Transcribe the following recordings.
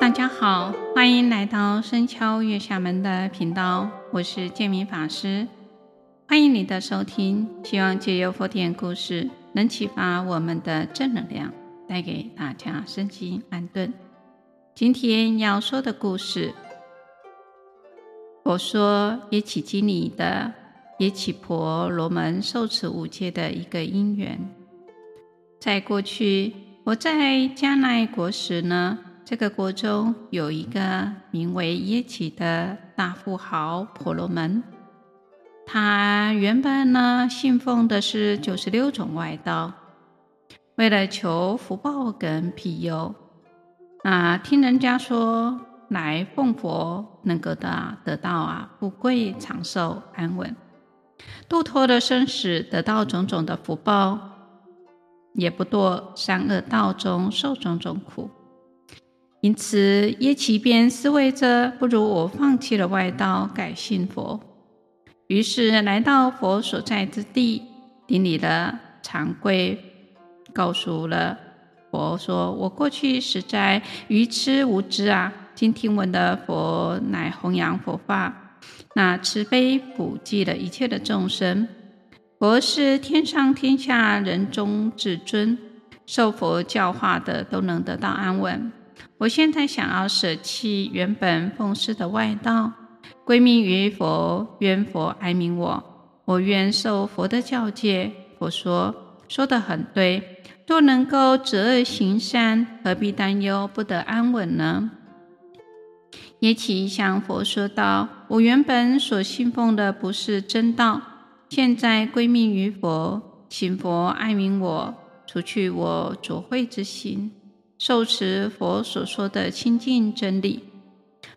大家好，歡迎來到僧敲月下門的頻道，我是建明法師，歡迎你的收聽，希望借由《佛典》故事能啟發我們的正能量，帶給大家身心安頓。今天要說的故事，佛說耶祇經裡的耶祇婆羅門受持五戒的一個因緣，在過去我在迦奈國時呢。這個國中有一個名為耶祇的大富豪婆羅門，他原本呢信奉，的是九十六種外道，為了求福報跟庇佑啊，聽人家說，來奉佛能夠得得到啊富貴、長壽、安穩，度脫了生死，得到種種的福報，也不墮三惡道中受種種苦。因此，耶祇便思惟着，不如我放棄了外道，改信佛。於是來到佛所在之地，頂禮了長跪，告訴了佛說：“我過去實在愚癡無知啊！今聽聞的佛乃弘揚佛法，那慈悲普濟了一切的眾生。佛是天上天下人中至尊，受佛教化的都能得到安穩。”我現在想要捨棄原本奉事的外道，歸命於佛，願佛哀愍我。我願受佛的教誡。佛說，說的很對，若能夠止惡行善，何必擔憂不得安穩呢？耶祇向佛說道：“我原本所信奉的不是真道，現在歸命於佛，請佛哀愍我，除去我濁穢之心。”受持佛所說的清淨真理，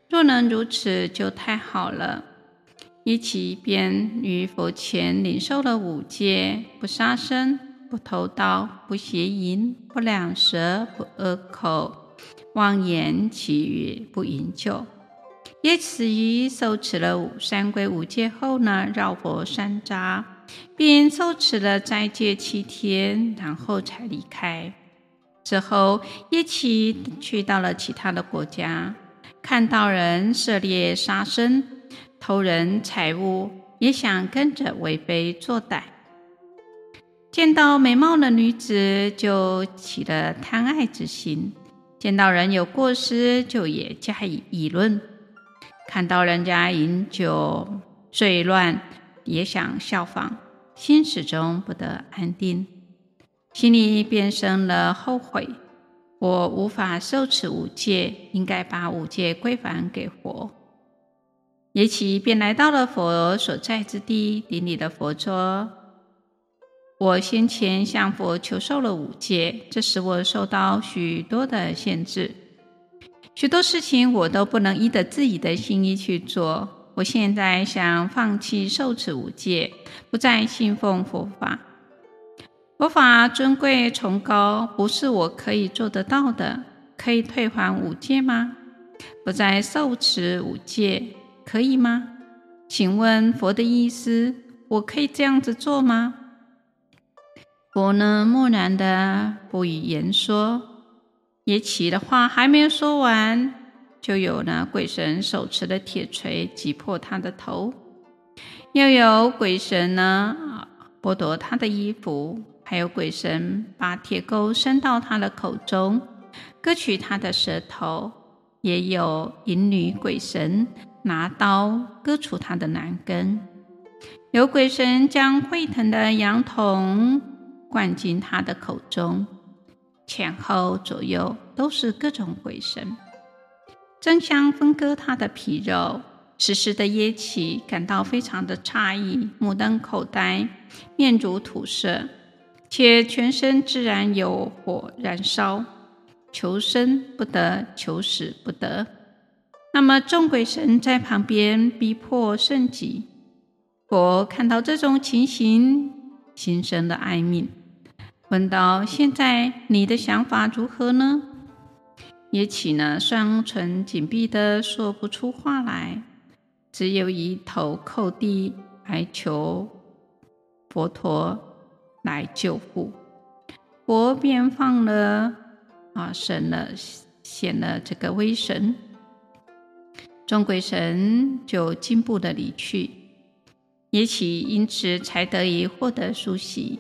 若能如此，就太好了。耶祇便於佛前領受了五戒：不殺生、不偷盜、不邪淫、不兩舌、不惡口、妄言綺語、不飲酒。耶祇於受持了三歸五戒後呢，繞佛三匝，並受持了齋戒七天，然後才離開。之後，耶祇去到了其他的國家，看到人射獵殺生、偷人財物，也想跟着為非作歹；見到美貌的女子，就起了貪愛之心；見到人有過失，就也加以議論；看到人家飲酒醉亂，也想效仿，心始終不得安定。心裡便生了後悔，我無法受持五戒，應該把五戒歸還給佛。耶祇便來到了佛所在之地，頂禮的佛說，我先前向佛求受了五戒，這使我受到許多的限制，許多事情我都不能依着自己的心意去做。我現在想放棄受持五戒，不再信奉佛法。佛法尊貴崇高，不是我可以做得到的。可以退還五戒嗎？不再受持五戒，可以嗎？請問佛的意思，我可以這樣子做嗎？佛呢，默然的不以言說。耶祇的話還沒有說完，就有呢鬼神手持的鐵錘擊破他的頭，又有鬼神呢剝奪他的衣服。還有鬼神把鐵鈎伸到他的口中，割取他的舌頭；也有淫女鬼神拿刀割除他的男根；有鬼神將沸騰的洋銅灌進他的口中。前後左右都是各種鬼神，爭相分割他的皮肉。此時，時的耶祇感到非常的詫異，目瞪口呆，面如土色。且全身自然有火燃燒，求生不得，求死不得。那麼眾鬼神在旁邊逼迫甚急。佛看到這種情形，心生的哀愍。問道：“現在你的想法如何呢？”耶祇了雙唇緊閉的說不出話來，只有以頭叩地哀求佛陀。來救護，佛便放了啊，神了，顯了這個威神，眾鬼神就驚怖地離去，也許因此才得以獲得穌息，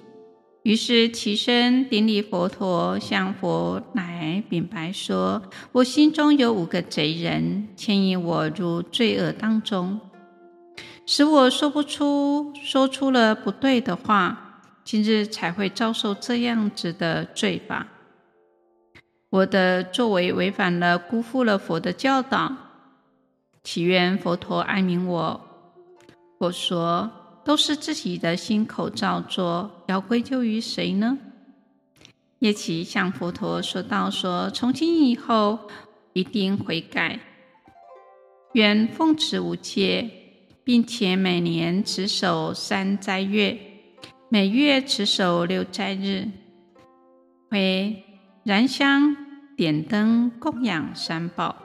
於是起身頂禮佛陀，向佛來禀白說：“我心中有五個賊人，牽引我入罪惡當中，使我說不出，說出了不對的話。”今日才會遭受這樣子的罪罰，我的作為違反了，辜負了佛的教導。祈願佛陀哀愍我。佛說，都是自己的心口造作，要歸咎於誰呢？耶祇向佛陀說道說：“說，從今以後一定悔改，願奉持五戒，並且每年持守三齋月。”每月持守六齋日，為燃香、點燈、供養三寶，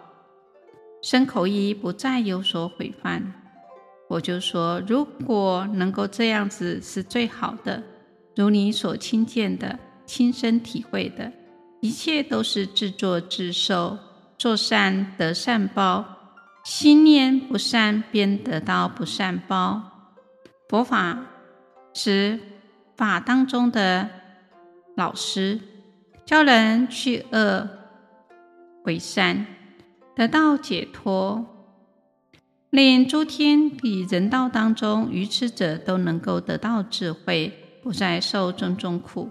身口意不再有所毀犯。我就說，如果能夠這樣子是最好的。如你所親見的、親身體會的，一切都是自作自受，做善得善報，心念不善便得到不善報。佛法是。法當中的老師，教人去惡為善，得到解脫，令諸天及人道當中愚癡者都能夠得到智慧，不再受種種苦。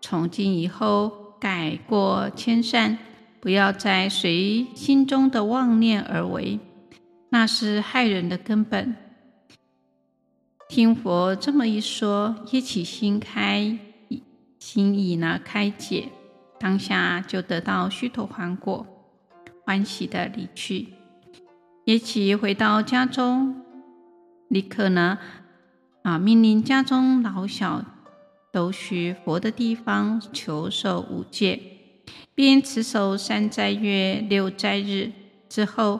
從今以後，改過遷善，不要再隨心中的妄念而為，那是害人的根本。聽佛這麼一說，耶祇心開，心意呢開解，當下就得到須陀洹果，歡喜的離去。耶祇回到家中，立刻呢啊命令家中老小都去佛的地方求受五戒，並持守三齋月、六齋日之後。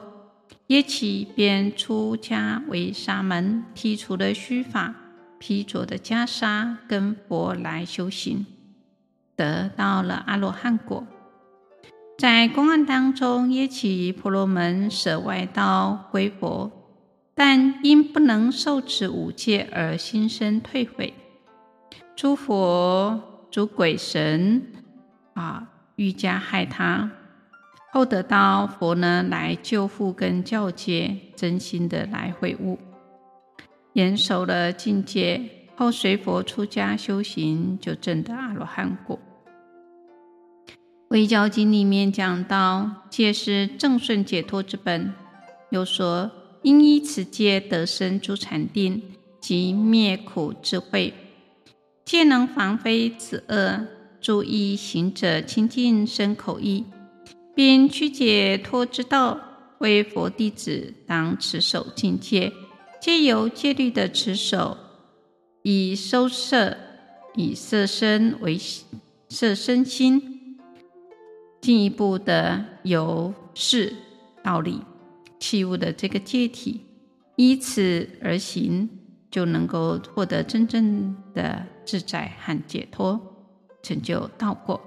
耶祇便出家為沙門，剃除了鬚髮，披着的袈裟，跟佛來修行，得到了阿羅漢果。在公案當中，耶祇婆羅門捨外道歸佛，但因不能受持五戒而心生退悔。諸佛、諸鬼神啊，欲加害他。後得到佛呢，來救護跟教誡，真心的來悔悟，嚴守了境界，後隨佛出家修行，就證得阿羅漢果。《遺教經》裡面講到，戒是正順解脫之本，又說因依此戒得生諸禪定及滅苦智慧，戒能防非止惡，助益行者清淨身口意。進趨解脫之道，為佛弟子當持守淨戒，藉由戒律的持守，以收攝，以攝身為攝身心，進一步的由事入理、契悟的這個戒體，依此而行，就能夠獲得真正的自在和解脫，成就道果。